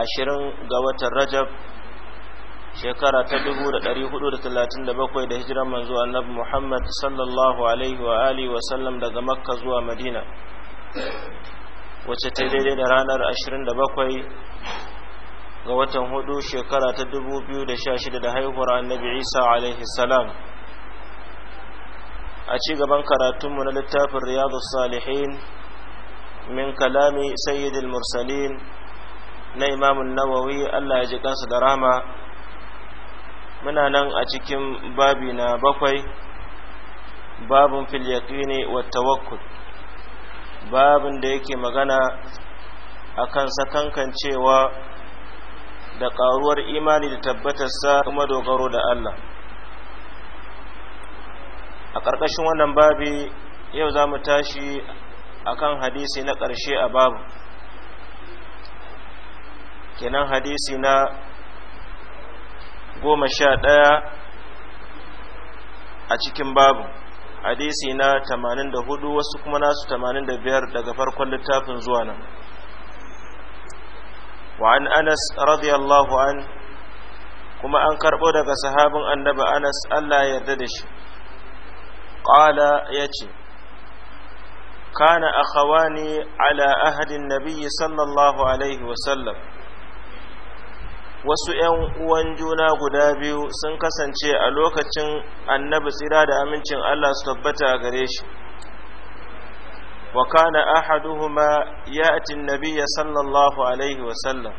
ashirin ga watan rajab shekara ta dubu da ɗari hudu da talatin da bakwai da hijiran manzo annabi muhammad sallallahu alaihi wa alihi wa sallam daga makka zuwa madina wacce ta daidai da ranar ashirin da bakwai ga watan hudu shekara ta dubu biyu da sha shida da haihuwar annabi isa alaihi salam a ci gaban karatunmu na littafin riyadu salihin min kalami sayyidul mursalin na imamun nawawi Allah ya ji kansa da rama muna nan a cikin babi na bakwai babin fil yaqini wa tawakkul babin da yake magana akan sakankancewa da ƙaruwar imani da tabbatarsa kuma dogaro da Allah a ƙarƙashin wannan babi yau za mu tashi akan hadisi na ƙarshe a babu kenan hadisi na goma sha ɗaya a cikin babu hadisi na tamanin da hudu wasu kuma nasu tamanin da biyar daga farkon littafin zuwa nan وعن Anas radiyallahu an. kuma an karɓo daga sahabin annabi anas allah ya yarda da shi ƙala ya ce kana akhawani ala ahadin nabiyyi sallallahu alaihi wasallam wasu ‘yan uwan juna guda biyu sun kasance a lokacin annabi tsira da amincin Allah su tabbata a gare shi wa kana ahaduhuma ya'tin nabiyya sallallahu alaihi wasallam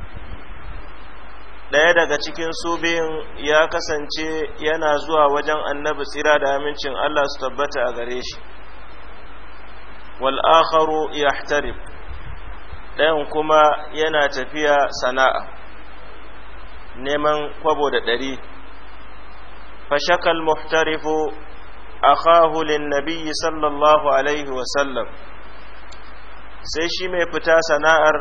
ɗaya daga cikin su biyun ya kasance yana zuwa wajen annabi tsira da amincin Allah su tabbata a gare shi wal akharu yahtarib ɗayan kuma yana tafiya sana'a neman kwabo da ɗari fashakal muhtarifu akhahu linnabiyyi sallallahu alaihi wasallam sai shi mai fita sana'ar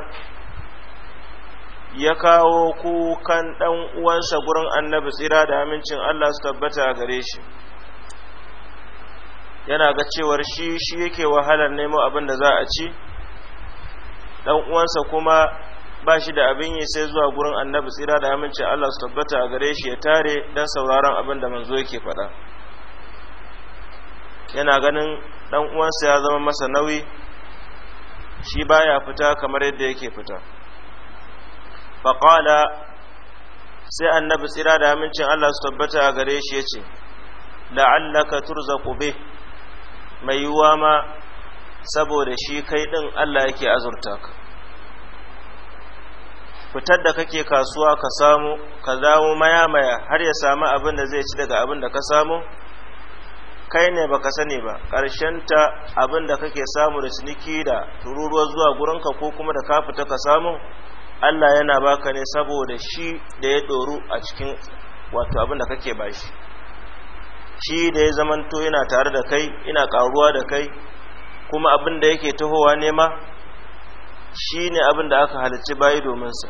ya kawo kukan ɗan uwansa gurin annabi tsira da amincin Allah su tabbata a gare shi yana ga cewar shi shi yake wahalar nemo abin da za a ci ɗan uwansa kuma ba shi da abin yi sai zuwa gurin annabi tsira da amincin Allah su tabbata a gare shi ya tare don sauraron abin da manzo yake faɗa yana ganin ɗan uwansa ya zama masa nauyi shi baya fita kamar yadda yake fita faƙala sai annabi tsira da amincin Allah su tabbata a gare shi ya ce la'allaka turza kube mai yiwuwa ma saboda shi kai ɗin Allah yake azurta ka fitar da kake kasuwa ka samu ka dawo maya-maya har ya samu abin da zai ci daga abin da ka samu kai ne baka sani ba ta abin da kake samu da ciniki da tururuwa zuwa gurinka ko kuma da ka fita ka samu Allah yana baka ne saboda shi da ya doru a cikin wato abin da kake bashi shi da ya zamanto yana tare da kai ina karuwa da kai kuma abin da yake tahowa nema shi ne abin da aka halarci bayi domin sa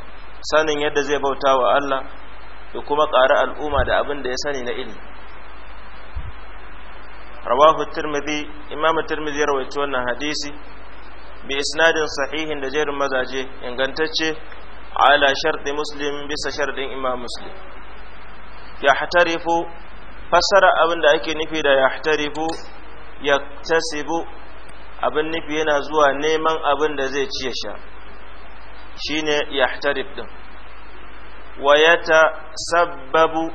sanin yadda zai bauta wa Allah da kuma ƙari al'umma da abin da ya sani na ilimi. rawahu tirmidhi imamu tirmidhi ya rawaito wannan hadisi bi isnadin sahihin da jerin mazaje ingantacce ala sharɗi muslim bisa sharɗin imam muslim ya hatarifu fassara abin da ake nufi da ya hatarifu ya tasibu abin nufi yana zuwa neman abin da zai ciye sha shine yahtarib din wa sababu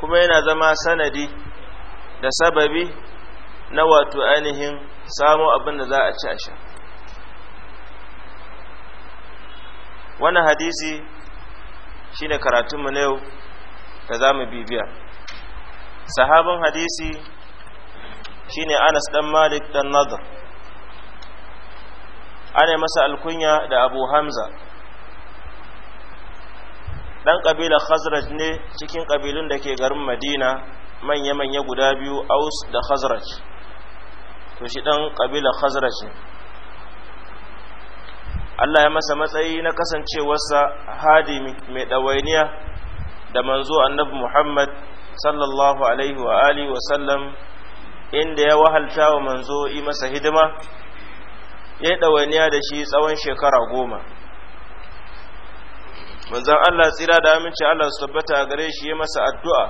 kuma yana zama sanadi da sababi na wato ainihin samo abin da za a ci a sha wannan hadisi shine karatunmu na yau da za mu bibiya sahabin hadisi shine anas dan malik dan nadar ana masa alkunya da abu hamza ɗan ƙabilar khazraj ne cikin kabilun da ke garin madina manya-manya guda biyu aus da khazraj to shi ɗan ƙabilar khazraj ne allah ya masa matsayi na kasancewarsa hadi mai ɗawainiya da manzo annabi muhammad sallallahu alaihi wa alihi wa inda ya wahalta wa manzo yi masa hidima ya yi ɗawainiya da shi tsawon shekara goma manzan Allah tsira da aminci Allah su tabbata a gare shi ya masa addu'a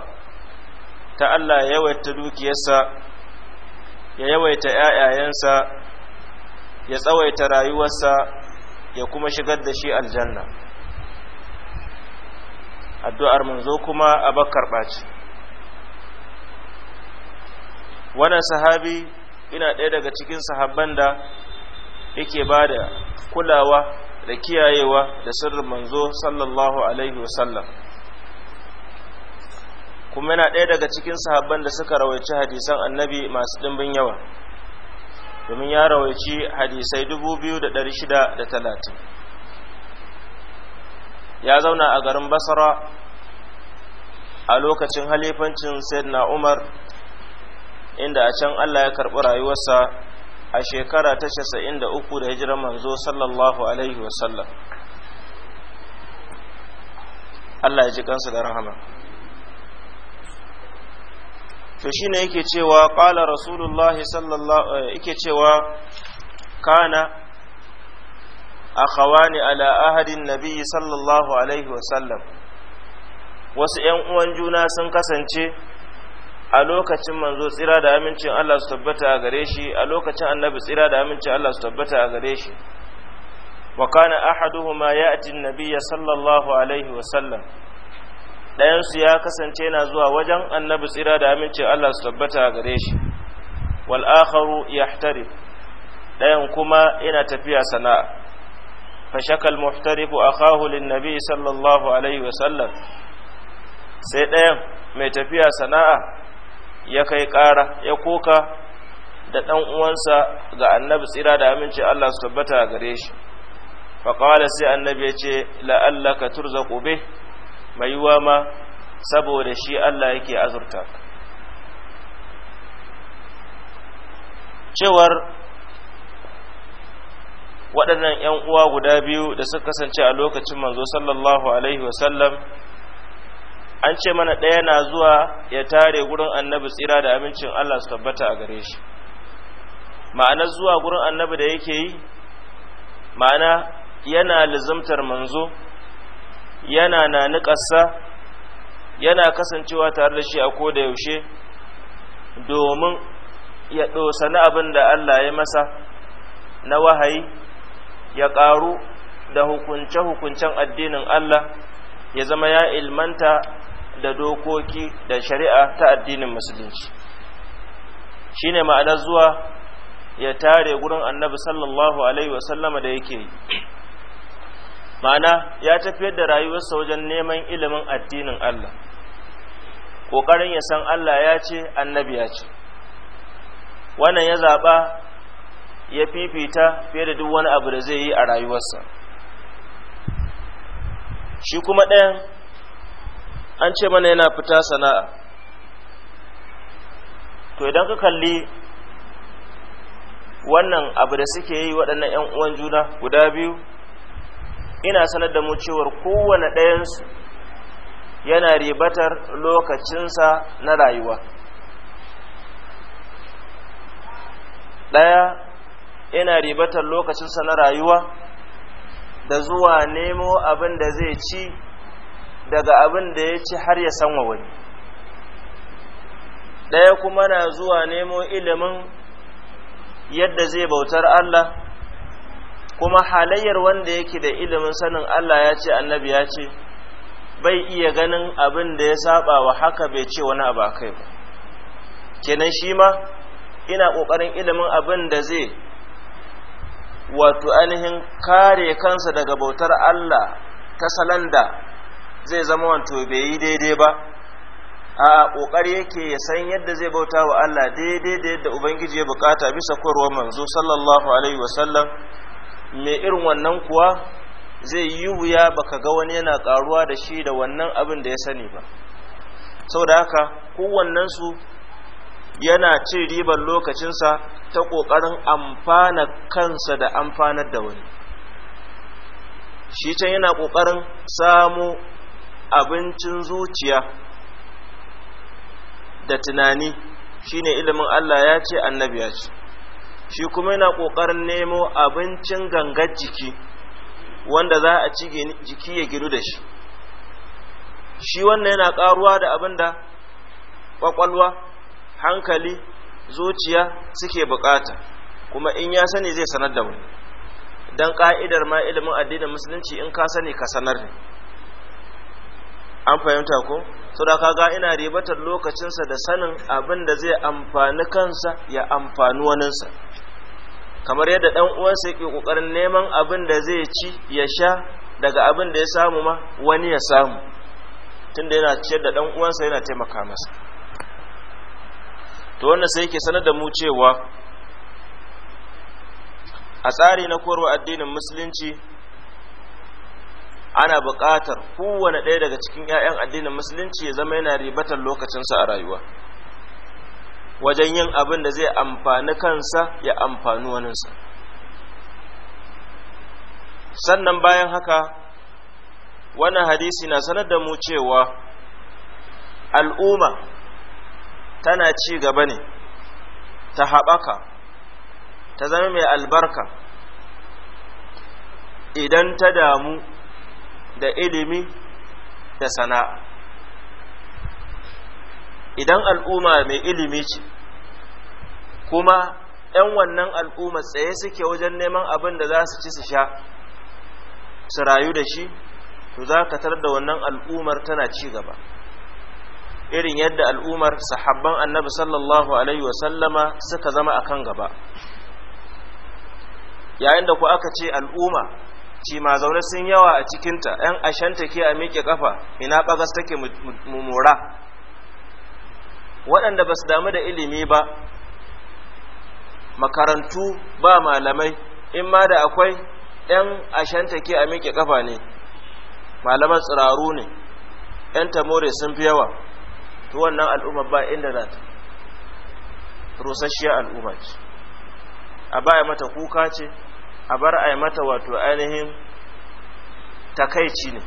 ta Allah ya yawaita dukiyarsa ya yawaita ‘ya'yayensa ya tsawaita rayuwarsa ya kuma shigar da shi aljanna addu'ar manzo kuma a bakar ɓaci wannan sahabi ina ɗaya daga cikin sahabban da yake ba da kulawa da kiyayewa da sirrin manzo sallallahu alaihi wasallam kuma yana ɗaya daga cikin sahabban da suka rawaici hadisan annabi masu ɗimbin yawa domin ya rawaici hadisai dubu biyu da ɗari shida da talatin ya zauna a garin basara a lokacin halifancin sayyidina umar inda a can allah ya karɓi rayuwarsa a shekara ta casa'in da uku da hijirar manzo sallallahu alaihi wasallam Allah ya ji kansa da rahama to shi ne yake cewa 'ƙala rasulullahi sallallahu eh, yake cewa kana akhawani ala ahadin nabiyyi sallallahu alaihi wasallam wasu 'yan uwan juna sun kasance a lokacin manzo tsira da amincin Allah su tabbata a gare shi a lokacin annabi tsira da amincin Allah su tabbata a gare shi wa kana ahaduhuma ya'ti an-nabiyya sallallahu alaihi wa sallam ɗayan su ya kasance yana zuwa wajen annabi tsira da amincin Allah su tabbata a gare shi wal akharu yahtarib ɗayan kuma yana tafiya sana'a fa shakal muhtarifu akahu lin-nabi sallallahu alaihi wa sallam sai ɗayan mai tafiya sana'a ya kai ƙara ya koka da ɗan uwansa ga annabi tsira da aminci Allah su tabbata gare shi faƙawala sai annabi ya ce la'allaka turza ƙube mai yiwa ma saboda shi Allah yake azurta cewar waɗannan ‘yan uwa guda biyu da suka kasance a lokacin manzo sallallahu alaihi wasallam an ce mana ɗaya na zuwa ya tare gurin annabi tsira da amincin Allah su tabbata a gare shi ma'ana zuwa gurin annabi da yake yi ma'ana yana lizimtar manzo yana na niƙasa yana kasancewa tare da shi a koda yaushe domin ya na abin da Allah ya masa na wahayi ya ƙaru da hukunce-hukuncen addinin Allah ya zama ya ilmanta da dokoki da shari'a ta addinin musulunci shine ma'anar zuwa ya tare gurin annabi sallallahu alaihi wasallama da yake yi ma'ana ya tafiyar da rayuwarsa wajen neman ilimin addinin Allah ƙoƙarin ya san Allah ya ce annabi ya ce wannan ya zaɓa ya fifita fiye da duk wani abu da zai yi a rayuwarsa shi kuma ɗayan an ce mana yana fita sana'a to idan ka kalli wannan abu da suke yi waɗannan 'yan uwan juna guda biyu ina sanar da mu cewar kowane ɗayansu yana ribatar lokacinsa na rayuwa ɗaya yana ribatar lokacinsa na rayuwa da zuwa nemo abin da zai ci daga abin da ya ci har ya sanwa wani ɗaya kuma na zuwa nemo ilimin yadda zai bautar Allah kuma halayyar wanda yake da ilimin sanin Allah ya ce annabi ya ce bai iya ganin abin da ya saba wa haka bai ce wani abu kai ba kenan shi ma ina ƙoƙarin ilimin abin da zai wato ainihin kare kansa daga bautar Allah ta salanda. zai zama wanto bai yi daidai ba a ƙoƙari yake ya san yadda zai bauta wa Allah daidai da yadda Ubangiji ya bukata bisa koyarwa manzo sallallahu alaihi wasallam mai irin wannan kuwa zai yi wuya baka ga wani yana karuwa da shi da wannan abin da ya sani ba saboda haka kowannensu yana cin ribar lokacinsa ta ƙoƙarin amfana kansa da amfanar da wani shi can yana ƙoƙarin samu abincin zuciya da tunani shine ilimin Allah ya ce annabi ya ce shi kuma yana ƙoƙarin nemo abincin gangar jiki wanda za a ci jiki ya gidu da shi shi wannan yana ƙaruwa da abin da ƙwaƙwalwa hankali zuciya suke buƙata kuma in ya sani zai sanar da mu don ƙa'idar ma ilimin addinin musulunci in ka sani ka sanar ne an fahimta ko saboda kaga ina ribatar lokacinsa da sanin abin da zai amfani kansa ya amfani waninsa kamar yadda ɗan uwansa yake kokarin neman abin da zai ci ya sha daga abin da ya samu ma wani ya samu tunda yana ciyar da dan uwansa yana taimaka masa to wannan sai yake sanar da mu cewa a tsari na korwa addinin musulunci ana buƙatar kowane ɗaya daga cikin 'ya'yan addinin musulunci ya zama yana ribatar lokacinsa a rayuwa wajen yin abin da zai amfani kansa ya amfani waninsa sannan bayan haka wannan hadisi na sanar da mu cewa al'umma tana ci gaba ne ta haɓaka ta zama mai albarka idan ta damu da ilimi da sana'a idan al'umma mai ilimi ce kuma 'yan wannan al'umma tsaye suke wajen neman abin da za su ci su sha su rayu da shi to za ka tar da wannan al'ummar tana ci gaba irin yadda al'ummar sahabban annabi sallallahu alaihi wasallama suka zama akan gaba yayin da ku aka ce al'umma ci ma zaune sun yawa a cikinta ‘yan ashanta ke a miƙe ƙafa ina ɓagas take mumura waɗanda ba su damu da ilimi ba makarantu ba malamai in ma da akwai ‘yan ashanta ke a miƙe ƙafa ne malaman tsiraru ne ‘yan tamore sun fi yawa ta wannan al'umma ba inda za ta rusasshiyar al'umma ce a baya mata kuka ce a bar a yi mata wato ainihin takaici ne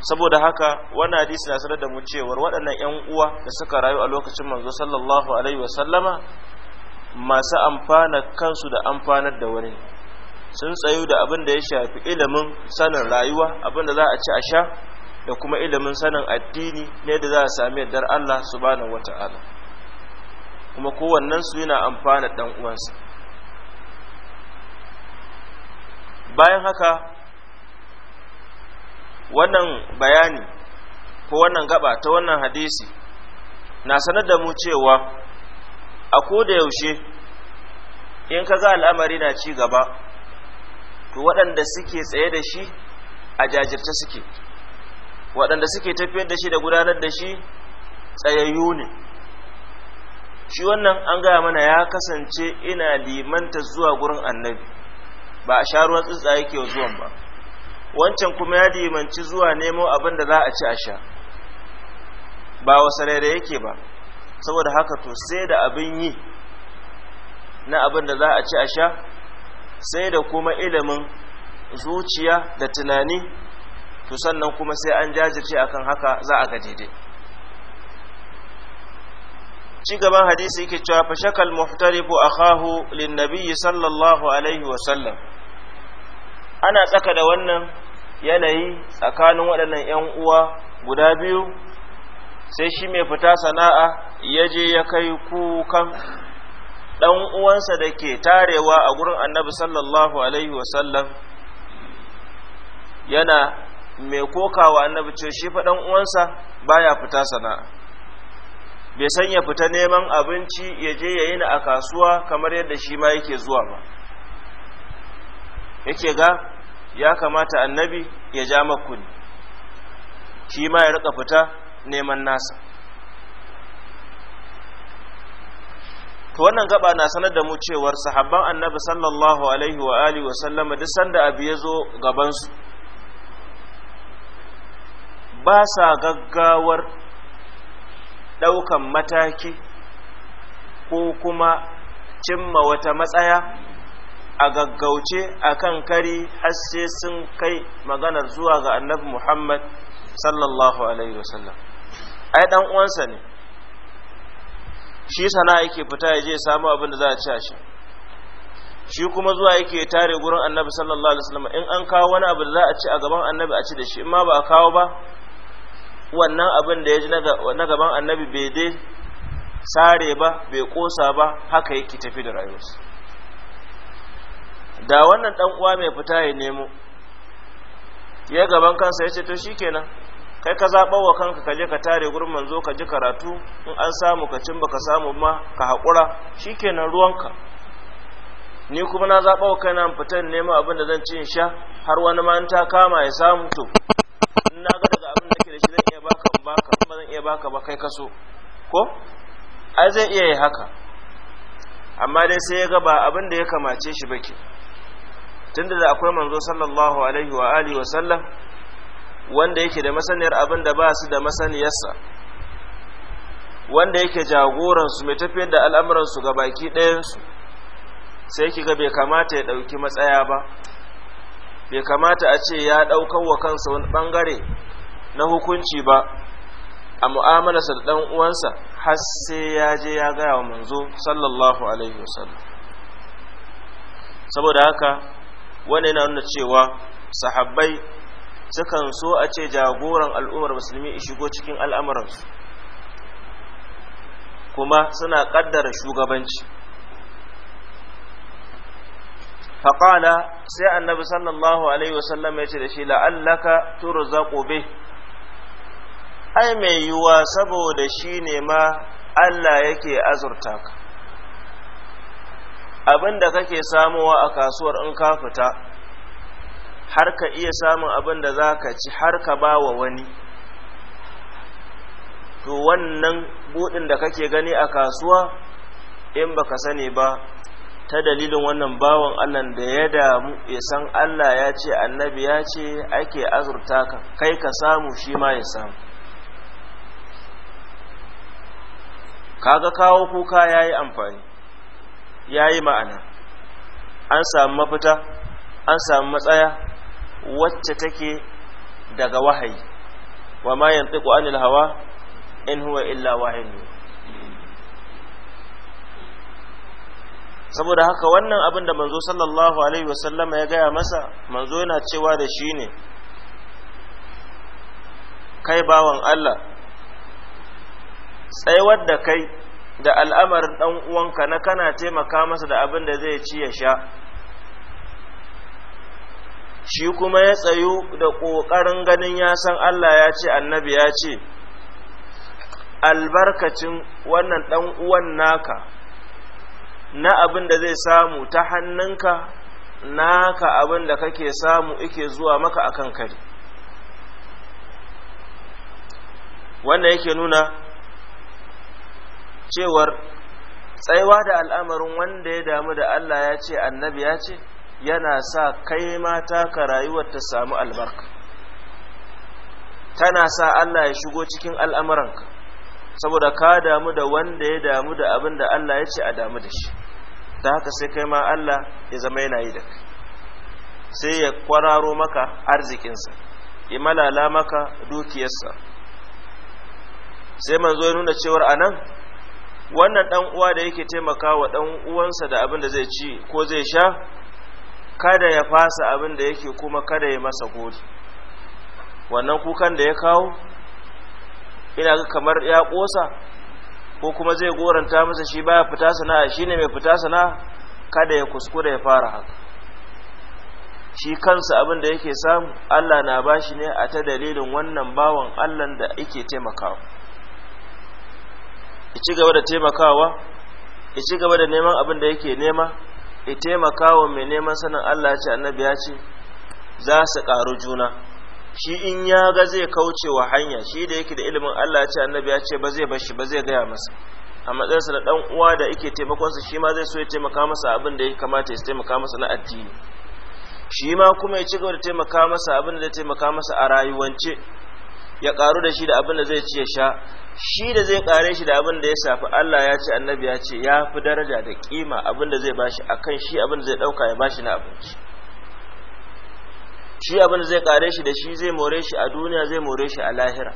saboda haka wannan hadisi na sanar da mu cewar waɗannan 'yan uwa da suka rayu a lokacin manzo sallallahu alaihi sallama, masu amfana kansu da amfanar da wani sun tsayu da abin da ya shafi ilimin sanin rayuwa abin da za a ci a sha da kuma ilimin sanin addini ne da za a sami yardar Allah subhanahu wata'ala kuma kowannen su yana amfana dan uwansa bayan haka wannan bayani ko wannan gaba ta wannan hadisi na sanar da mu cewa a da yaushe in ka za al'amari na ci gaba to waɗanda suke tsaye da shi a jajirce suke waɗanda suke tafiyar da shi da gudanar da shi tsayayyu ne shi wannan an gaya mana ya kasance ina limanta zuwa gurin annabi ba a sha ruwan tsuntsaye ke zuwan ba wancan kuma ya dimanci zuwa nemo abin da za a ci a sha ba wasare da yake ba saboda haka to sai da abin yi na abin da za a ci a sha sai da kuma ilimin zuciya da tunani to sannan kuma sai an jajirce akan haka za a ga daidai ci gaban hadisi yake cewa fashakal muhtaribu akahu lin nabiyyi sallallahu alaihi wa sallam ana tsaka da wannan yanayi tsakanin waɗannan 'yan uwa guda biyu sai shi mai fita sana'a ya je ya kai kukan ɗan uwansa da ke tarewa a gurin annabi sallallahu alaihi wasallam yana mai kokawa annabi ce shi fa ɗan uwansa baya fita sana'a bai san ya fita neman abinci ya je ya yi na a kasuwa kamar yadda shi ma yake zuwa ba yake ga ya kamata annabi ya ja makuni shi ma ya rika fita neman nasa to wannan gaba na sanar da mu cewar sahabban annabi sallallahu alaihi wa alihi wa sallama duk sanda abu ya zo gabansu ba sa gaggawar ɗaukan mataki ko kuma cimma wata matsaya a gaggauce a kan kari har sai sun kai maganar zuwa ga annabi muhammad sallallahu alaihi wasallam ai dan uwansa ne shi sana yake fita ya je samu abin da za a ci shi shi kuma zuwa yake tare gurin annabi sallallahu alaihi wasallam in an kawo wani abu da za a ci a gaban annabi a ci da shi in ma ba a kawo ba wannan abin da ya ji na gaban annabi bai dai sare ba bai kosa ba haka yake tafi da rayuwarsa da wannan dan uwa mai fita ya nemo ya gaban kansa ya ce to shikenan kai ka zaɓa wa kanka ka je ka tare gurin manzo ka ji karatu in an samu ka cin baka samu ma ka haƙura shikenan ruwanka ni kuma na zaɓa wa kaina fitan nemo abin da zan ci in sha har wani ma ta kama ya samu to in na ga daga abin da ke da shi zan iya baka baka ba zan iya baka ba kai kaso ko ai zai iya yi haka amma dai sai ya ga ba abin da ya kamace shi ba ke tunda da akwai manzo sallallahu alaihi wa alihi wa sallam wanda yake da masaniyar abin da ba su da masaniyarsa wanda yake jagoransu mai tafiyar da al'amuransu ga baki ɗayansu sai kiga bai kamata ya ɗauki matsaya ba bai kamata a ce ya ɗaukar wa kansa wani ɓangare na hukunci ba a mu'amalarsa da ɗan uwansa har sai ya je ya gaya wa manzo sallallahu alaihi wasallam saboda haka wannan yana nuna cewa sahabbai sukan so a ce jagoran al'ummar musulmi ya shigo cikin al'amuransu kuma suna ƙaddara shugabanci faƙala sai annabi sallallahu alaihi wasallam ya ce da shi la'allaka turzaƙo bih ai mai yiwuwa saboda shi ne ma Allah yake azurta ka abin da kake samowa a kasuwar in ka fita har ka iya samun abin da za ka ci har ka ba wa wani to wannan buɗin da kake gani a kasuwa in ba ka sani ba ta dalilin wannan bawan Allah da ya damu ya san Allah ya ce annabi ya ce ake azurta ka kai ka samu shi ma ya samu kaga kawo kuka yayi amfani ya yi ma'ana an samu mafita an samu matsaya wacce take daga wahayi wa ma yantiqu anil hawa in huwa illa wahayin saboda haka wannan abin da manzo sallallahu alaihi wasallama ya gaya masa manzo yana cewa da shi ne kai bawan Allah tsaiwar da kai da al'amarin ɗan uwanka na kana taimaka masa da abin da zai ci ya sha shi kuma ya tsayu da ƙoƙarin ganin ya san Allah ya ce annabi ya ce albarkacin wannan ɗan uwan naka na abin da zai samu ta hannunka naka abin da kake samu ike zuwa maka akan kare wannan yake nuna cewar tsaiwa da al'amarin wanda ya damu da Allah ya ce annabi ya ce yana sa kai mata ka rayuwar ta samu albarka tana sa Allah ya shigo cikin al'amuranka saboda ka damu da wanda ya damu da abin da Allah ya ce a damu da shi ta haka sai kai ma Allah ya zama yana yi da kai sai ya kwararo maka arzikinsa ya malala maka dukiyarsa sai manzo ya nuna cewar anan wannan dan uwa da yake taimaka wa dan uwansa da abin da zai ci ko zai sha kada ya fasa abin da yake kuma kada ya masa gori wannan kukan da ya kawo ina ga kamar ya kosa ko kuma zai goranta masa shi baya fita sana'a ne mai fita sana'a kada ya kuskura ya fara haka shi kansa abin da yake samu Allah na bashi ne a ta dalilin wannan bawan Allah da yake taimakawa ya ci gaba da taimakawa ya ci gaba da neman abin da yake nema ya taimakawa mai neman sanin Allah ya ce annabi ya ce za su ƙaru juna shi in ya ga zai kauce wa hanya shi da yake da ilimin Allah ya ce annabi ya ce ba zai bar shi ba zai gaya masa a matsayinsa da ɗan uwa da yake taimakonsa shi ma zai so ya taimaka masa abin da ya kamata ya taimaka masa na addini shi ma kuma ya ci gaba da taimaka masa abin da ya taimaka masa a rayuwance ya karu da shi da abin da zai ci ya sha shi da zai kare shi da abin da ya shafi Allah ya ce annabi ya ce ya fi daraja da kima abin da zai bashi akan shi abin da zai dauka ya bashi na abinci shi abin da zai kare shi da shi zai more shi a duniya zai more shi a lahira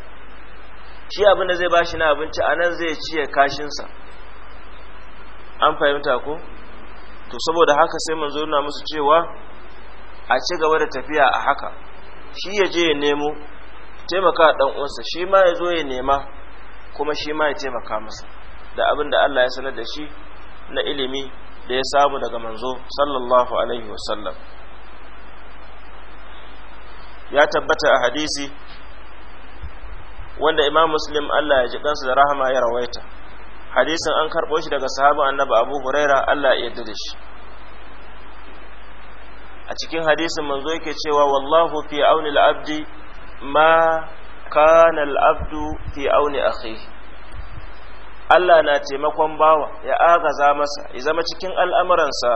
shi abin da zai bashi na abinci a nan zai ciye kashinsa an fahimta ko to saboda haka sai mun zo na musu cewa a ci gaba da tafiya a haka shi ya je ya nemo taimaka dan uwansa shi ma ya zo ya nema kuma shi ma ya taimaka masa da abin da Allah ya sanar da shi na ilimi da ya samu daga manzo sallallahu alaihi wasallam ya tabbata a hadisi wanda imam muslim Allah ya ji kansa da rahama ya rawaita hadisin an karɓo shi daga sahabin annabi abu huraira Allah ya yarda da shi a cikin hadisin manzo yake cewa wallahu fi auni al-abdi ma kana al'abdu fi auni akhihi Allah na taimakon bawa ya agaza masa ya zama cikin al'amuransa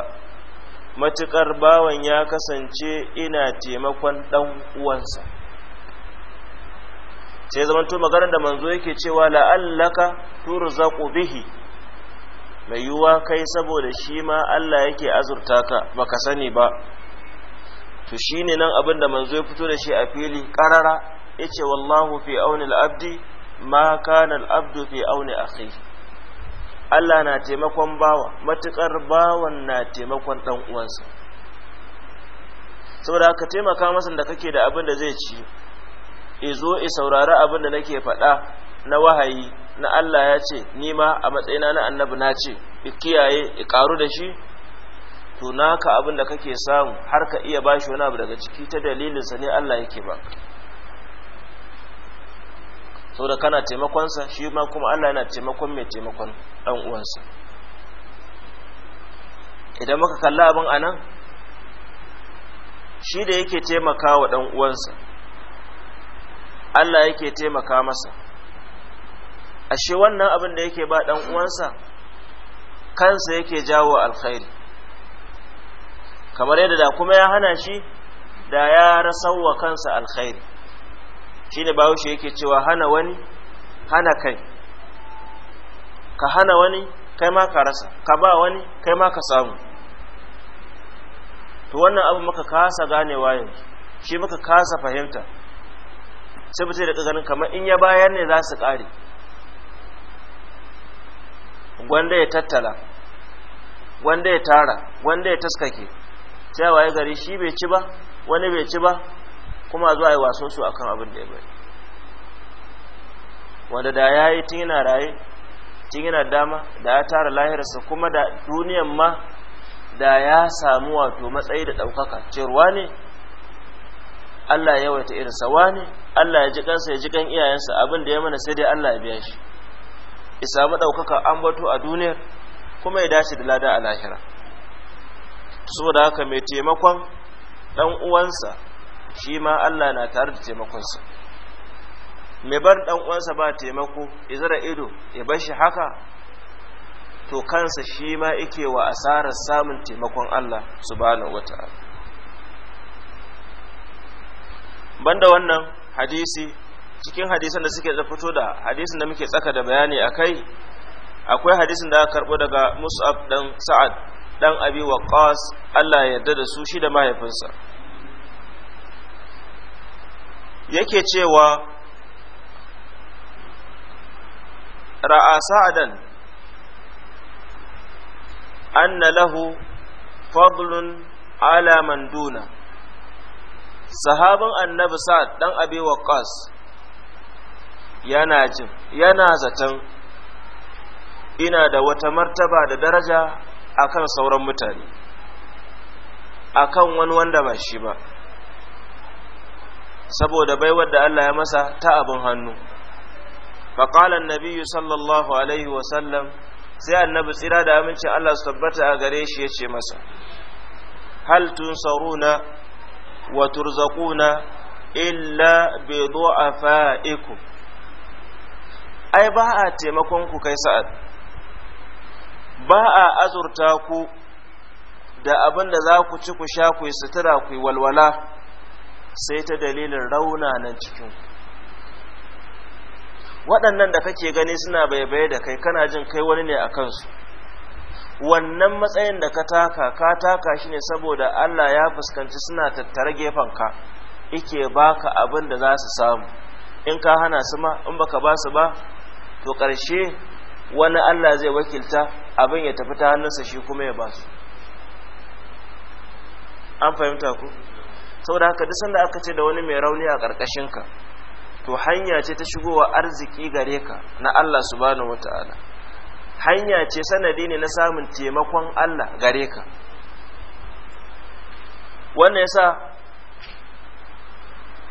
matuƙar bawan ya kasance ina taimakon ɗan uwansa sai zamanto maganar da manzo yake cewa la'allaka turzaqu bihi mai yiwuwa kai saboda shi ma Allah yake azurta ka baka sani ba to shine nan abin da manzo ya fito da shi a fili karara yace wallahu fi auni al-abdi ma kana al-abdu fi auni akhi Allah na taimakon bawa matukar bawan na taimakon dan uwansa saboda ka taimaka masa da kake da abin da zai ci izo i saurari abin da nake faɗa na wahayi na Allah ya ce ni ma a matsayina na annabi na ce i kiyaye i karu da shi to naka abin da kake samu har ka iya bashi wani abu daga ciki ta dalilinsa ne Allah yake ba da kana taimakonsa shi ma kuma Allah yana taimakon mai taimakon ɗan uwansa idan muka kalla abin anan shi da yake taimaka wa ɗan uwansa Allah yake taimaka masa ashe wannan abin da yake ba ɗan uwansa kansa yake jawo alkhairi kamar yadda da kuma ya hana shi da ya rasawa kansa alkhairi shi ne ba shi yake cewa hana wani hana kai ka hana wani kai ma ka rasa ka ba wani kai ma ka samu to wannan abu muka kasa ganewa yanzu shi muka kasa fahimta sai mutum da ganin kamar in ya bayar ne za su ƙare gwanda ya tattala gwanda ya tara gwanda ya taskake cewa ya gari shi bai ci ba wani bai ci ba kuma zuwa yi wasan su akan abin da ya bari wanda da ya yi tun yana raye tun yana dama da ya tara lahirarsa kuma da duniyan ma da ya samu wato matsayi da ɗaukaka cewa ne Allah ya wata irin sawa ne Allah ya ji kansa ya ji kan iyayensa abin da ya mana sai dai Allah ya biya shi ya samu ɗaukaka an bato a duniyar kuma ya dace da lada a lahira saboda haka mai taimakon ɗan uwansa shi ma Allah na tare da taimakonsa mai bar ɗan uwansa ba taimako izra ido ya bar shi haka to kansa shi ma ike wa asarar samun taimakon Allah su ba subhanahu ban banda wannan hadisi cikin hadisan da suke fito da hadisin da muke tsaka da bayani a kai akwai hadisin da aka karbo daga Mus'ab dan Sa'ad dan abi waqas Allah ya yarda da su shi da mahaifinsa yake cewa ra'a sa'adan anna lahu fadlun ala man duna sahabin annabi sa'ad dan abi waqas yana jin yana zaton ina da wata martaba da daraja akan sauran mutane akan wani wanda ba shi ba saboda baiwar da Allah ya masa ta abin hannu faƙalan nabiyu sallallahu alaihi wasallam sai annabi tsira da aminci Allah su tabbata a gare shi ya ce masa hal tunsaruna wa turzaquna illa bi du'afaikum ai ba a taimakon ku kai sa'ad ba a azurta ku da abin da za ku ci ku sha ku yi sutura ku yi walwala sai ta dalilin rauna raunanan cikin waɗannan da kake gani suna baibaye da kai kana jin kai wani ne a kansu wannan matsayin da ka taka ka taka shi ne saboda Allah ya fuskanci suna tattare ka, ike baka abin da za su samu in ka hana su ma in baka ba su ba to ƙarshe wani Allah zai wakilta abin ya tafi ta hannunsa shi kuma ya ba su an fahimta ku saboda haka duk sanda aka ce da wani mai rauni a ka to hanya ce ta shigowa arziki gare ka na Allah subhanahu wata'ala hanya ce sanadi ne na samun taimakon Allah gare ka wannan yasa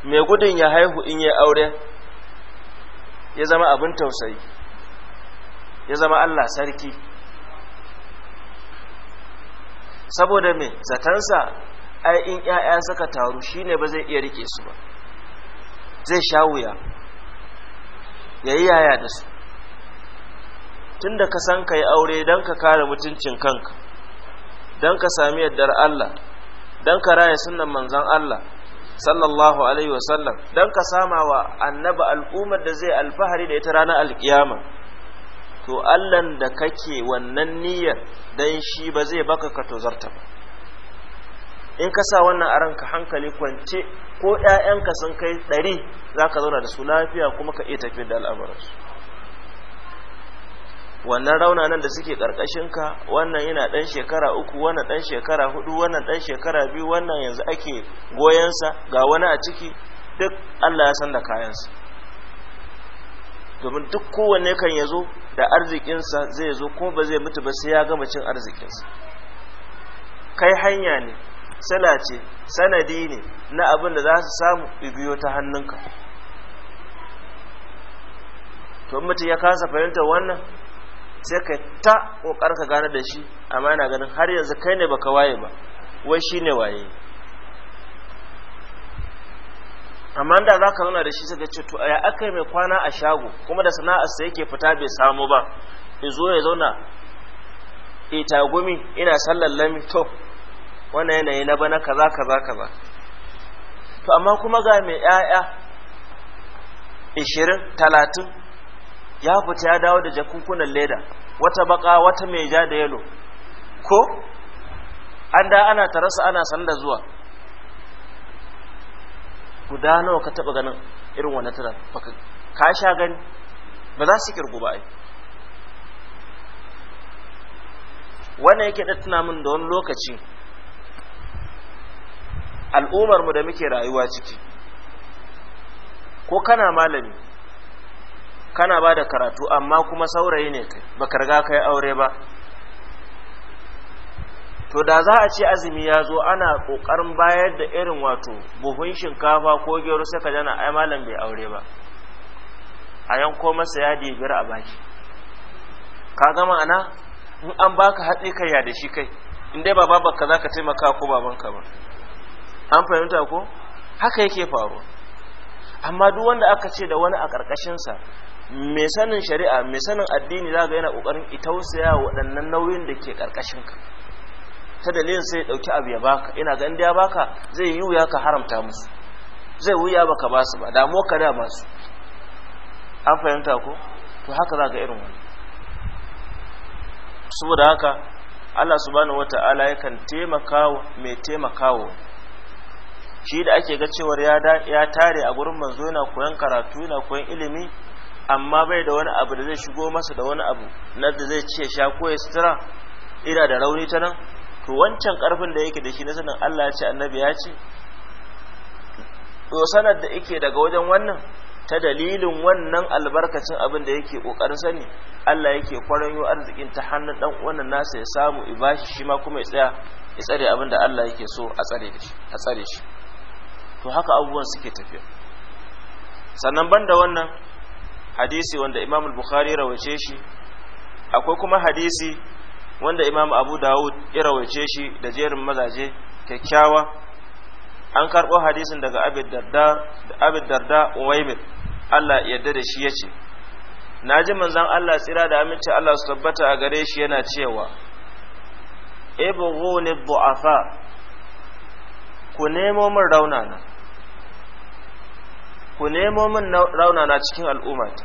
mai gudun ya haihu in ya aure ya zama abin tausayi ya zama Allah sarki saboda me zatansa ai in 'ya'ya suka taru shine ba zai iya rike su ba zai sha wuya yayi yaya da su tunda ka san kai aure dan ka kare mutuncin kanka dan ka sami yardar Allah dan ka raya sunan manzon Allah sallallahu alaihi wasallam dan ka sama wa Annaba al'ummar da zai alfahari da ita ranar alkiyama to allan da kake wannan niyyar dan shi ba zai baka ka tozarta ba in ka sa wannan a ranka hankali kwance ko ƴaƴanka sun kai ɗari za ka zauna da su lafiya kuma ka iya tafiyar da al'amuransu wannan nan da suke karkashin ka wannan yana ɗan shekara uku wannan ɗan shekara hudu wannan ɗan shekara biyu wannan yanzu ake goyonsa ga wani a ciki duk allah ya san da kayansa domin duk kowanne kan ya zo da arzikinsa zai zo kuma ba zai mutu ba sai ya gama cin arzikinsa kai hanya ne sala ce sanadi ne na abin da za su samu biyo ta hannunka to mutum ya kasa fahimtar wannan sai ka ta ƙoƙar ka gane da shi amma yana ganin har yanzu kai ne baka waye ba wai shine waye amma da za ka zauna da shi sai ce to ya aka mai kwana a shago kuma da sana'ar sana'arsa yake fita bai samu ba zo ya zauna ita eh, gumi ina sallar lami to wannan yanayi na bana kaza kaza kaza to amma kuma ga mai 'ya'ya ishirin talatin ya fita ya dawo da jakunkunan leda wata baka wata mai ja da yalo ko an da ana tarasa ana sanda zuwa guda nawa ka taba ganin irin wani tara baka ka sha gani ba za su kirgu ba ai wannan yake da tuna min da wani lokaci al'ummar mu da muke rayuwa ciki ko kana malami kana ba da karatu amma kuma saurayi ne kai baka riga kai aure ba to da za a ce azumi ya zo ana ƙoƙarin bayar da irin wato buhun shinkafa ko gero sai ka jana ai malam bai aure ba a yanko masa yadi biyar a baki ka gama ana in an baka hatsi kai ya da shi kai in dai ba babanka za ka taimaka ko babanka ba an fahimta ko haka yake faru amma duk wanda aka ce da wani a ƙarƙashinsa mai sanin shari'a mai sanin addini za ga yana ƙoƙarin itausaya waɗannan nauyin da ke ƙarƙashinka ta dalilin sai ya dauki abu ya baka ina ga inda ya baka zai yi wuya ka haramta musu zai wuya baka ba su ba damuwa ka da ba su an fahimta ko to haka za ga irin wani saboda haka Allah subhanahu wata'ala yakan taimakawa mai taimakawa shi da ake ga cewar ya tare a gurin manzo yana koyan karatu yana koyan ilimi amma bai da wani abu da zai shigo masa da wani abu na da zai ce sha ko sutura ina da rauni ta nan to wancan karfin da yake da shi na sanin Allah ya ce annabi ya ce to sanar da yake daga wajen wannan ta dalilin wannan albarkacin abin da yake kokarin sani Allah yake kwaranyo arzikin ta hannun dan wannan nasa ya samu ibashi shi ma kuma ya tsaya ya tsare abin da Allah yake so a tsare da shi a tsare shi to haka abubuwan suke tafiya sannan banda wannan hadisi wanda Imam al-Bukhari rawace shi akwai kuma hadisi wanda imam abu dawud ya rawaice shi da jerin mazaje kyakkyawa an karɓo hadisin daga abid darda da allah yadda da shi ya ce na ji manzan allah tsira da aminci allah su tabbata a gare shi yana cewa goni bu'afa ku nemo min raunana ku nemo min raunana cikin ta.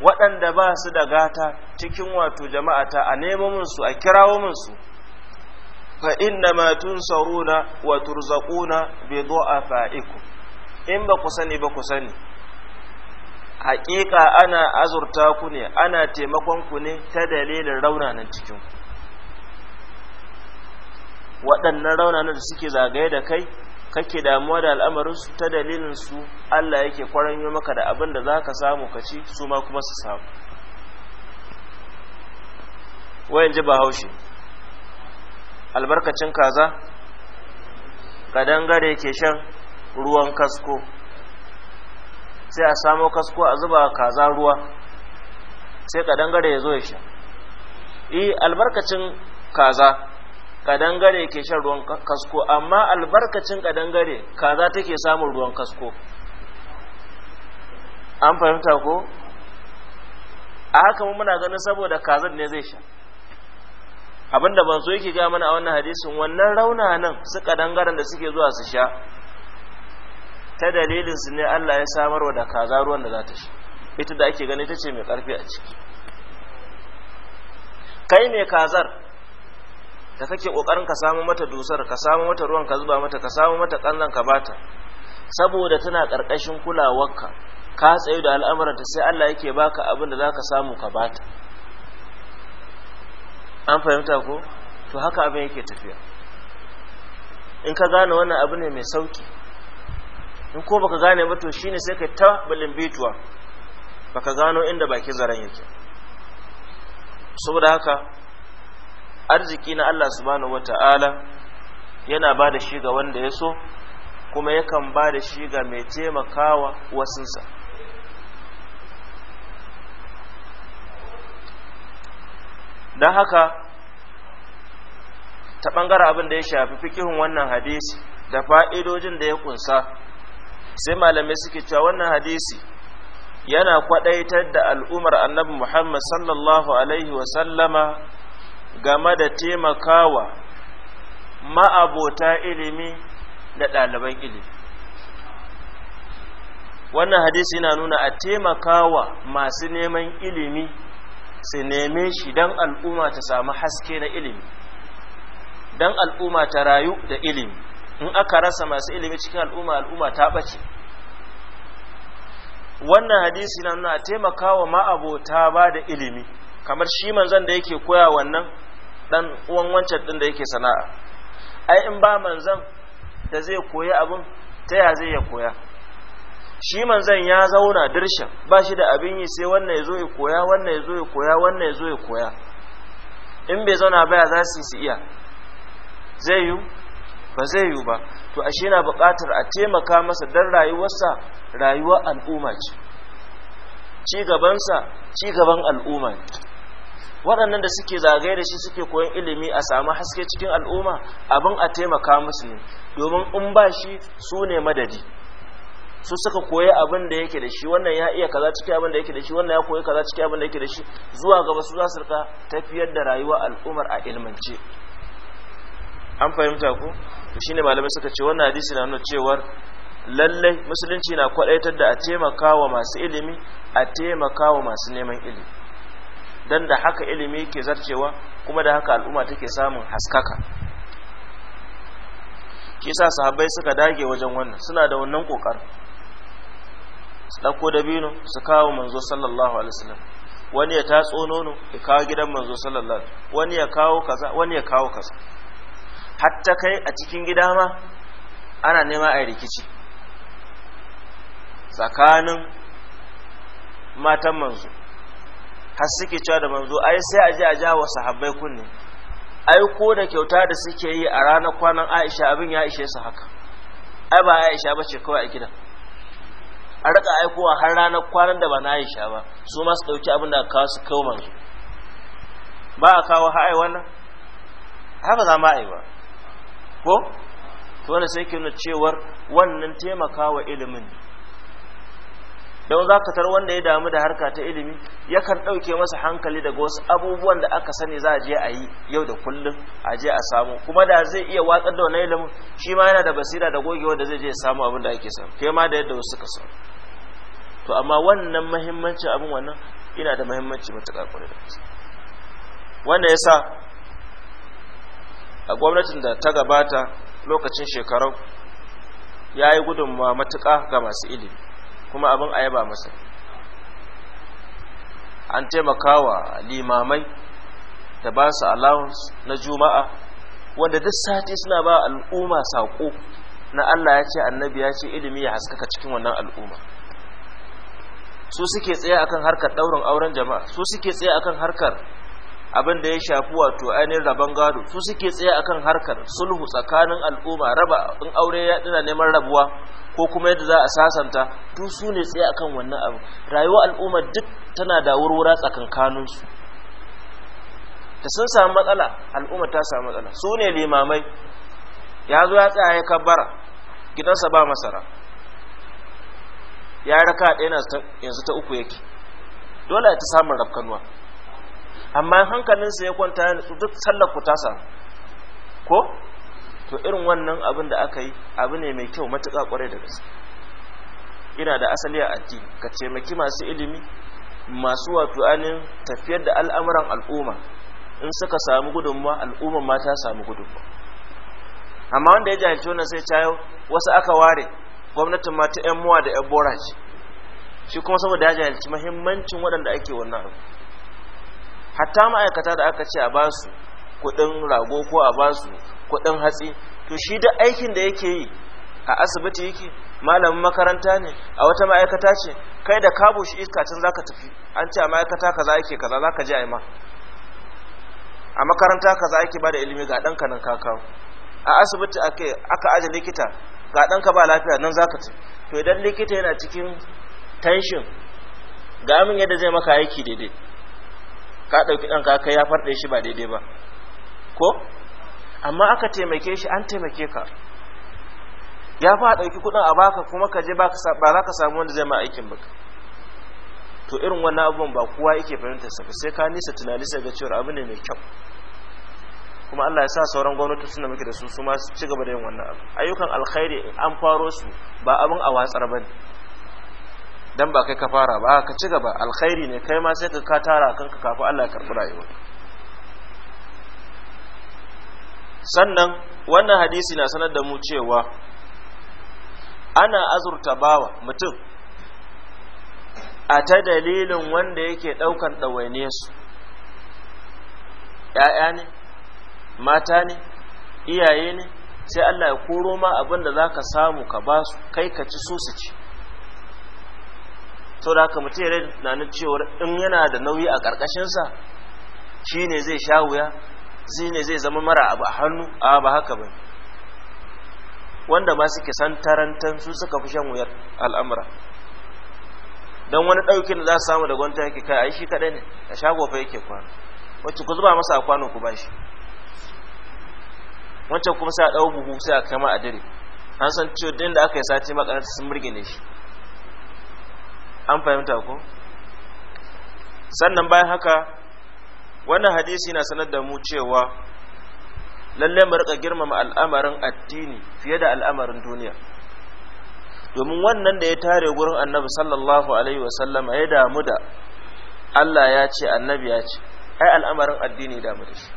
waɗanda ba su da gata cikin wato jama'ata a nemo minsu a kirawo minsu fa inna ma tunsaruna wa turzaquna bi du'afaikum in ba ku sani ba ku sani haƙiƙa ana azurta ku ne ana taimakon ku ne ta dalilin raunanan cikin waɗannan raunanan da suke zagaye da kai kake damuwa da al'amarin su ta dalilin su Allah yake yi maka da abin da ka samu ka ci su ma kuma su samu wayan ji bahaushe albarkacin kaza kadangare ke shan ruwan kasko sai a samo kasko a zuba kaza ruwa sai kadangare ya zo ya sha eh albarkacin kaza kadangare ke shan ruwan kasko amma albarkacin kadangare kaza take samun ruwan kasko an fahimta ko a haka mu muna ganin saboda kazan ne zai sha abinda ban so yake ga mana a wannan hadisin wannan rauna nan su kadangaren da suke zuwa su sha ta dalilin su ne Allah ya samarwa da kaza ruwan da za ta sha ita da ake gani tace ce mai karfi a ciki kai ne kazar da kake kokarin ka samu mata dusar ka samu mata ruwan ka zuba mata ka samu mata kanzan ka bata saboda tana karkashin kulawarka ka tsaye da al'amuranta sai Allah yake baka abin da zaka samu ka bata an fahimta ko to haka abin yake tafiya in ka gane wannan abu ne mai sauki in ko baka gane ba to shine sai ka ta bituwa baka gano inda baki zaren yake saboda haka arziki na Allah subhanahu wata'ala yana ba da shiga wanda ya so kuma yakan ba da shiga mai taimakawa wasunsa don haka ta ɓangaren abin da ya shafi fikihun wannan hadisi da fa'idojin da ya kunsa sai malamai suke cewa wannan hadisi yana kwaɗaitar da al'umar annabi muhammad sallallahu alaihi wasallama game da taimakawa ma'abota ilimi da ɗaliban ilimi wannan hadisi na nuna a taimakawa masu neman ilimi su neme shi don al'umma ta samu haske na ilimi don al'umma ta rayu da ilimi in aka rasa masu ilimi cikin al'umma al'umma ta ɓace wannan hadisi na nuna a taimakawa ma'abota ba da ilimi kamar shi manzan da yake koya wannan dan uwan wancan din da yake sana'a ai in ba manzan da zai koyi abin ta ya zai ya koya shi manzan ya zauna dirsha ba shi da abin yi sai wannan ya zo ya koya wannan ya zo ya koya wannan ya zo ya koya in bai zauna baya za su su iya zai yu, ba zai yu ba to ashe na buƙatar a taimaka masa don rayuwarsa rayuwar al'umma ce ci gabansa ci gaban al'umma ne waɗannan da suke zagaye da shi suke koyon ilimi a samu haske cikin al'umma abin a taimaka musu ne domin in ba shi su ne madadi su suka koyi abin da yake da shi wannan ya iya kaza ciki abin da yake da shi wannan ya koyi kaza cikin abin da yake da shi zuwa gaba su za su rika tafiyar da rayuwa al'ummar a ilmance an fahimta ku to shine malamai suka ce wannan hadisi na nuna cewar lallai musulunci na kwadaitar da a taimaka wa masu ilimi a taimaka wa masu neman ilimi dan da haka ilimi yake zarcewa kuma da haka al'umma take samun haskaka kisa sahabbai suka dage wajen wannan suna da wannan kokar su dauko dabino su kawo manzo sallallahu alaihi wasallam wani ya tatso nono ya kawo gidan manzo sallallahu alaihi wasallam wani ya kawo kaza wani ya kawo kaza hatta kai a cikin gida ma ana nema a rikici tsakanin matan manzo har suke cewa da manzo ai sai a je a jawo sahabbai kunne ai ko da kyauta da suke yi a ranar kwanan Aisha abin ya ishe su haka ai ba Aisha ba ce kawai a gidan a rika aikowa har ranar kwanan da ba na Aisha ba su ma su dauki abin da aka kawo su kawo manzo ba a kawo ha'ai wannan haka za ma ai ba ko to wanda sai ke nuna cewar wannan taimakawa ilimin ne don za ka tar wanda ya damu da harka ta ilimi yakan ɗauke masa hankali daga wasu abubuwan da aka sani za a je a yi yau da kullum a je a samu kuma da zai iya watsar da wani ilimin shi ma yana da basira da gogewa da zai je ya samu abin da ake samu kai ma da yadda wasu suka samu to amma wannan mahimmancin abin wannan ina da mahimmanci matuƙa kwarai da gaske wanda ya sa a gwamnatin da ta gabata lokacin shekarau ya yi gudunmawa matuƙa ga masu ilimi kuma abin a yaba masa an taimakawa limamai da ba su allowance na juma'a wanda duk sati suna ba al'umma saƙo na Allah ya ce annabi ya ce ilimi ya haskaka cikin wannan al'umma su suke tsaye akan harkar ɗaurin auren jama'a su suke tsaye akan harkar abin da ya shafi wato ainihin rabon gado su suke tsaye akan harkar sulhu tsakanin al'umma raba in aure ya dina neman rabuwa ko kuma yadda za a sasanta duk su ne tsaye akan wannan abu rayuwar al'umma duk tana da wurwura su da sun samu matsala al'umma ta samu matsala su ne limamai ya zo ya tsaya ya kabbara gidansa ba masara ya raka ɗaya yanzu ta uku yake dole ta samu rafkanuwa amma hankalinsa ya kwanta ya nutsu duk sallar ku ta samu ko to irin wannan abin da aka yi abu ne mai kyau matuƙa ƙwarai da gaske ina da asali a addini ka taimaki masu ilimi masu wato anin tafiyar da al'amuran al'umma in suka samu gudunmuwa al'umma ma ta samu gudunmuwa amma wanda ya jahilci wannan sai cayo wasu aka ware gwamnatin ma ta yan muwa da yan boraji shi kuma saboda ya jahilci mahimmancin waɗanda ake wannan abu hatta ma'aikata da aka ce a basu kuɗin rago ko a basu kuɗin hatsi to shi da aikin da yake yi a asibiti yake malamin makaranta ne a wata ma'aikata ce kai da kabo shi iska can zaka tafi an ce a ma'aikata kaza yake kaza zaka je a yi ma a makaranta kaza yake ba da ilimi ga dan nan kakawo a asibiti aka aje likita ga ka ba lafiya nan zaka tafi to idan likita yana cikin tension ga amin yadda zai maka aiki daidai ka ɗauki ɗanka kai ya farde shi ba daidai ba ko amma aka taimake shi an taimake ka ya fa ɗauki kuɗin a baka kuma ka je ba za ka samu wanda zai ma aikin baka to irin wannan abubuwan ba kowa yake fahimtar sa sai ka nisa tunani sai ga cewa abu ne mai kyau kuma Allah ya sa sauran gwamnati suna muke da su su ma su ci gaba da yin wannan abu ayyukan alkhairi an faro su ba abin a watsar ba ne dan ba kai ka fara ba ka ci gaba alkhairi ne kai ma sai ka ka tara kanka kafin Allah ya karɓi rayuwa sannan wannan hadisi na sanar da mu cewa ana azurta bawa mutum a ta dalilin wanda yake ɗaukan ɗawaine su ‘ya'ya ne mata ne iyaye ne sai Allah ya koro ma abin da za ka samu ka ba su kai ka ci su su ci sau da haka mutum ya rai tunanin cewar in yana da nauyi a ƙarƙashinsa shi ne zai sha wuya zine zai zama mara abu a hannu a ba haka ba wanda ba suke santarantan su suka fi shan wuyar al'amura don wani ɗaukin da za su samu da gwanta yake kai a yi shi kaɗai ne a shago fa yake kwano wacce ku zuba masa a kwano ku bashi wancan kuma sai a ɗau buhu sai a kama a dire an san cewa din da aka yi sati makaranta sun murgine shi an fahimta ko sannan bayan haka wannan hadisi na sanar da mu cewa lalle mu rika girmama al'amarin addini fiye da al'amarin duniya domin wannan da ya tare gurin annabi sallallahu alaihi sallam ya damu da Allah ya ce annabi ya ce ai al'amarin addini damu da shi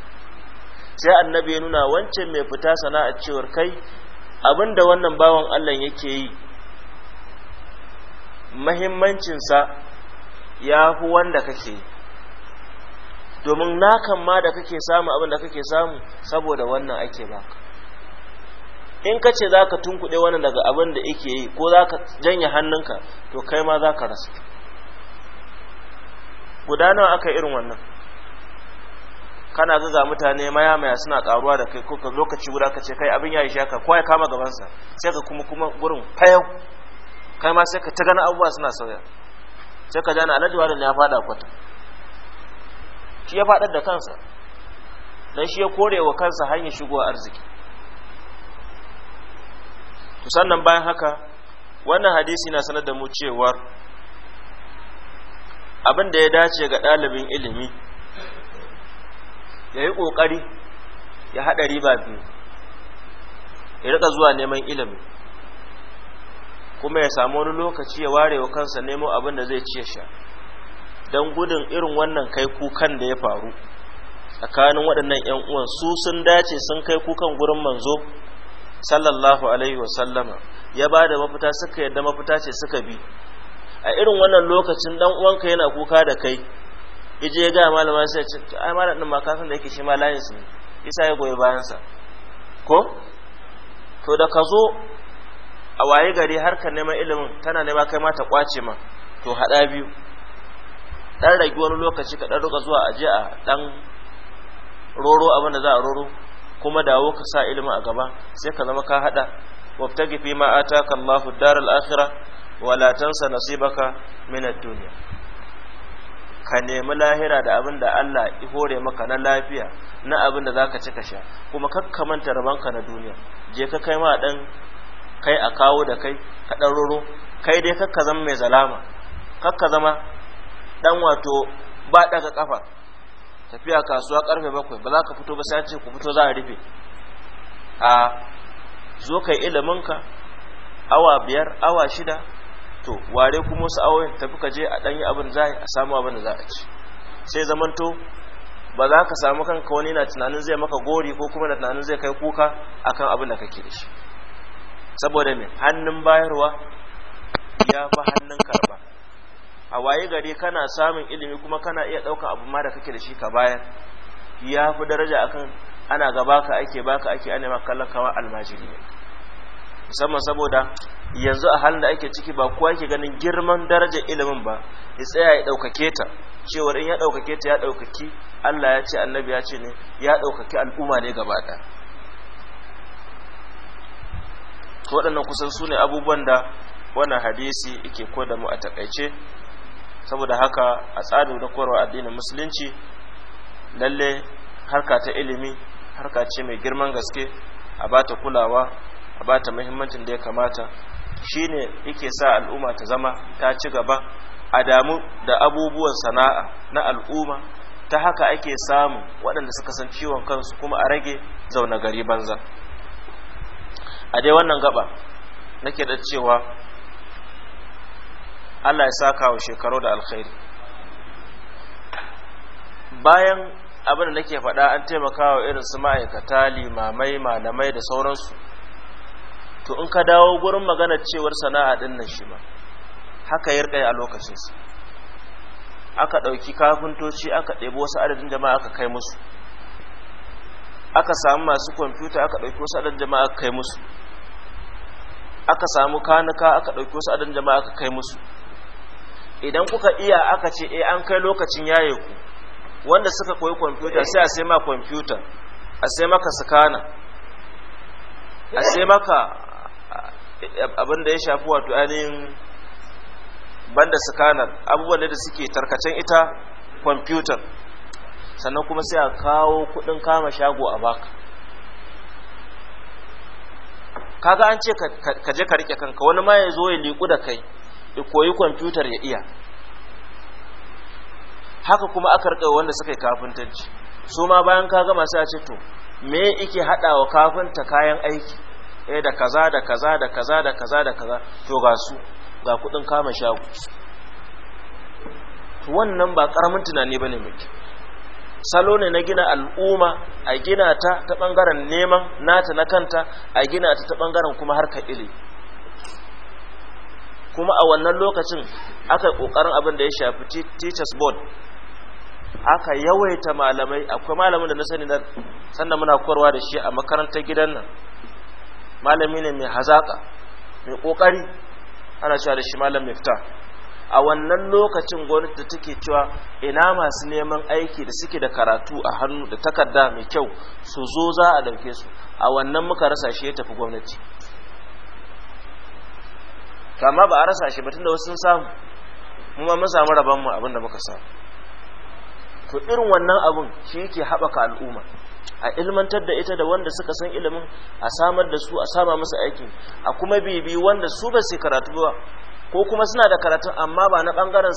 sai annabi ya nuna wancan mai fita sana'a cewar kai abinda wannan bawan Allah yake yi mahimmancinsa ya fi wanda kake yi domin kan ma da kake samu abin da kake samu saboda wannan ake baka in ka ce za ka tunkuɗe wannan daga abin da yake yi ko za ka janye hannunka to kai ma za ka rasu gudanar aka irin wannan kana zaza mutane maya maya suna karuwa da kai kuka lokaci guda ka ce kai abin ya yi shaka ko ya kama gabansa sai ka kuma kuma gurin fayau kai ma sai ka ta gana abubuwa suna sauya sai ka jana alhaji da ya fada kwata shi ya faɗar da kansa don shi ya kore wa kansa hanyar shigo arziki sannan bayan haka wannan hadisi na sanar da mu cewar abin da ya dace ga ɗalibin ilimi ya yi ƙoƙari ya haɗa riba biyu ya riƙa zuwa neman ilimi kuma ya samu wani lokaci ya ware wa kansa nemo abin da zai ciye sha don gudun irin wannan kai kukan da ya faru tsakanin waɗannan 'yan uwan su sun dace sun kai kukan gurin manzo sallallahu alaihi wasallama ya ba da mafita suka yadda mafita ce suka bi a irin wannan lokacin dan uwanka yana kuka da kai ije ya ga malama sai ce ai malam din ma ka san da yake shi malayin su isa ya goyi bayan sa ko to da ka zo a waye gari harkar neman ilimin tana nema kai ma ta kwace ma to hada biyu dan ragi wani lokaci ka dan ruka zuwa aje a dan roro abin da za a roro kuma dawo ka sa ilimin a gaba sai ka zama ka hada wabtagi fi ma ataka Allahu daral akhirah wala tansa nasibaka min ad-dunya ka nemi lahira da abin da Allah ya hore maka na lafiya na abin da zaka ci ka sha kuma kakka manta rabanka na duniya je ka kai ma dan kai a kawo da kai ka dan roro kai dai kakka zama mai zalama kakka zama dan wato ba daga kafa tafiya kasuwa karfe bakwai ba za ka fito ba sai ce ku fito za a rufe a zo kai iliminka awa biyar awa shida to ware kuma wasu awoyin tafi ka je a dan yi abin za a samu abin da za a ci sai zamanto ba za ka samu kanka wani na tunanin zai maka gori ko kuma na tunanin zai kai kuka akan abin da kake da shi saboda me hannun bayarwa ya fi hannun karba a waye gari kana samun ilimi kuma kana iya ɗauka abu ma da kake da shi ka bayan ya fi daraja akan ana gaba ka ake baka ake ana maka kallon almajiri ne musamman saboda yanzu a halin da ake ciki ba kowa yake ganin girman darajar ilimin ba ya tsaya ya ɗaukake ta cewar in ya ɗaukake ta ya ɗaukaki Allah ya ce annabi ya ce ne ya ɗaukaki al'umma ne gaba ɗaya waɗannan kusan su ne abubuwan da wannan hadisi yake koda mu a takaice saboda haka a tsarin da koyarwa addinin musulunci lalle harka ta ilimi harka ce mai girman gaske a bata kulawa a bata muhimmancin da ya kamata shi ne yake sa al'umma ta zama ta ci gaba a damu da abubuwan sana'a na al'umma ta haka ake samu waɗanda suka san ciwon kansu kuma a rage zaune gari banza a dai wannan gaba nake da cewa Allah ya saka wa shekaru da alkhairi bayan abin da nake faɗa an taimaka wa irin su ma'aikata limamai malamai da sauransu to in ka dawo gurin magana cewar sana'a din nan shi ma haka ya a lokacinsu aka ɗauki kafintoci aka ɗebo wasu adadin jama'a aka kai musu aka samu masu kwamfuta aka ɗauki wasu adadin jama'a aka kai musu aka samu kanuka aka ɗauki wasu adadin jama'a aka kai musu idan kuka iya aka ce eh an kai lokacin yaye ku wanda suka koyi kwamfuta sai a sai ma kwamfuta a sai maka sakana a sai maka abin da ya shafi wato ainihin banda sakanar abubuwan da suke tarkacen ita kwamfutar sannan kuma sai a kawo kudin kama shago a baka kaga an ce ka je ka rike kanka wani ma ya zo ya liku da kai ya koyi kwamfutar ya iya haka kuma aka rika wanda suka yi kafintanci su ma bayan ka gama sai a ce to me ike hada wa kafinta kayan aiki eh da kaza da kaza da kaza da kaza da kaza to ga su ga kudin kama shago wannan ba karamin tunani bane miki salo ne na gina al'umma a gina ta ta bangaren neman nata na kanta a gina ta ta bangaren kuma harkar ilimi kuma a wannan lokacin aka kokarin abin da ya shafi teachers board aka yawaita malamai akwai malamin da na sani na sannan muna korwa da shi a makarantar gidan nan malami ne mai hazaka mai kokari ana cewa da shi malam mifta a wannan lokacin gwamnati da take cewa ina masu neman aiki da suke da karatu a hannu da takarda mai kyau su zo za a dauke su a wannan muka rasa shi ya tafi gwamnati to amma ba a rasa shi ba da wasu sun samu mu samu rabon mu abin da muka samu to irin wannan abun shi yake haɓaka al'umma a ilmantar da ita da wanda suka san ilimin a samar da su a sama musu aiki a kuma bibi wanda su ba su karatu ba ko kuma suna da karatun amma ba na bangaren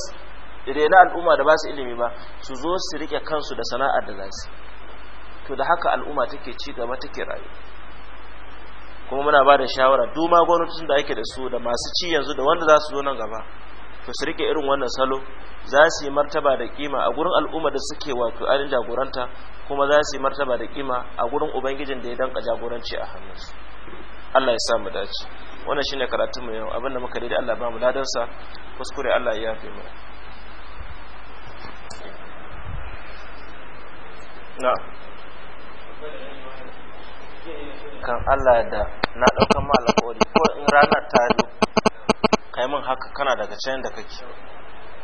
rena al'umma da ba su ilimi ba su zo su rike kansu da sana'ar da za su to da haka al'umma take ci gaba take rayuwa kuma muna ba da shawara duk magonatun da ake da su da masu ci yanzu da wanda za su zo nan gaba to su rike irin wannan salo za su yi martaba da kima a gurin al'umma da suke wato alin jagoranta kuma za su yi martaba da kima a gurin ubangijin da ya danka jagoranci a hannunsu Allah ya sa mu dace wannan shine karatun mu yau abinda muka da Allah ba mu ladan sa kuskure Allah ya yafe mu na kan Allah da na ɗaukar ma alƙawari ko in ranar ta zo kai min haka kana daga can da kake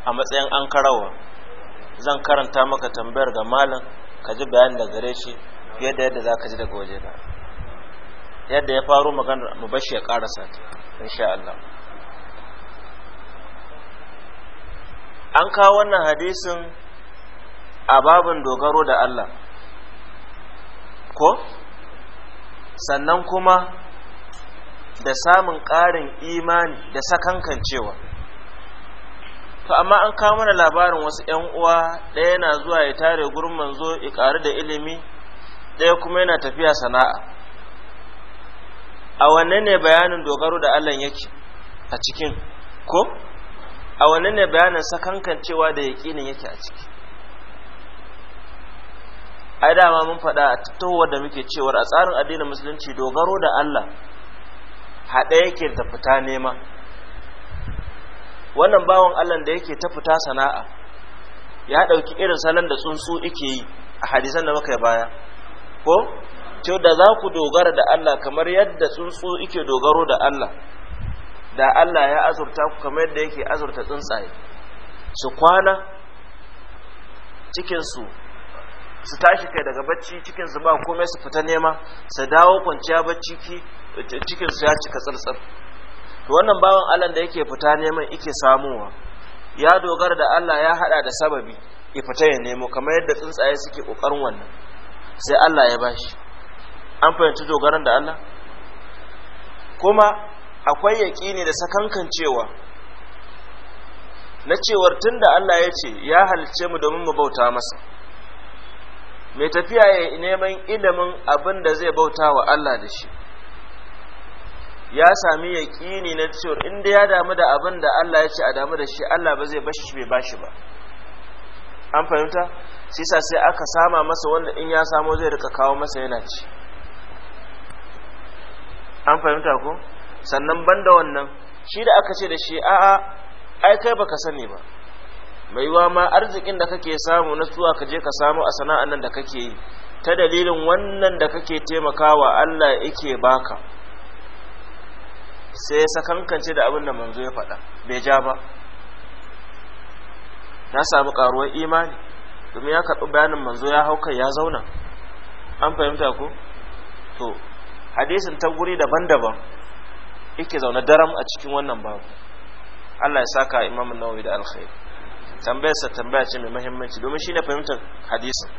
a matsayin an karawa zan karanta maka tambayar ga malam ka ji bayani da gare shi fiye da yadda za ka ji daga waje na yadda ya faro magana mu bashi ya karasa sati, insha Allah an kawo wannan hadisin a babin dogaro da Allah ko sannan kuma da samun ƙarin imani da sakankan cewa, to amma an kawo mana labarin wasu ‘yan uwa ɗaya yana zuwa ya tare gurin manzo ya ƙaru da ilimi ɗaya kuma yana tafiya sana'a a wanne ne bayanin dogaro da allah yake a cikin ko a wanne ne bayanin sakankan cewa da yaƙinin yake a ciki ai dama mun faɗa a tattowar da muke cewar a tsarin addinin musulunci dogaro da Allah haɗe yake da fita nema wannan bawan Allah da yake ta fita sana'a ya ɗauki irin salon da tsuntsu ike yi a hadisan da muka baya ko to da za ku dogara da Allah kamar yadda tsuntsu ike dogaro da Allah da Allah ya azurta ku kamar yadda yake azurta tsuntsaye su kwana cikin su su tashi kai daga bacci cikinsu ba komai su fita nema su dawo kwanciya bacci cikinsu ya cika tsirtsir to wannan bawan allah da yake fita neman yake samowa ya dogara da allah ya hada da sababi ya fita ya nemo kamar yadda tsuntsaye suke kokarin wannan sai allah ya bashi an fahimci dogaran da allah kuma akwai yaƙini da sakankan cewa na cewar tunda allah ya ce ya halice mu domin mu bauta masa mai tafiya ya neman ilimin abin da zai bauta wa Allah da shi ya sami yaƙini na cewar inda ya damu da abin da Allah ya ce a damu da shi Allah ba zai bashi bai bashi ba an fahimta shi sa sai aka sama masa wanda in ya samo zai rika kawo masa yana ci an fahimta ko sannan banda wannan shi da aka ce da shi a'a ai kai baka sani ba mai wa ma arzikin da kake samu na zuwa ka je ka samu a sana'an nan da kake yi ta dalilin wannan da kake taimakawa Allah yake baka sai sakankance da abin da manzo ya faɗa bai ja ba na samu karuwar imani domin ya karɓi bayanin manzo ya hau kai ya zauna an fahimta ko to hadisin ta guri daban-daban yake zaune daram a cikin wannan babu Allah ya saka imamun nawawi da alkhairi tambayarsa tambaya ce mai mahimmanci domin shi shine fahimtar hadisin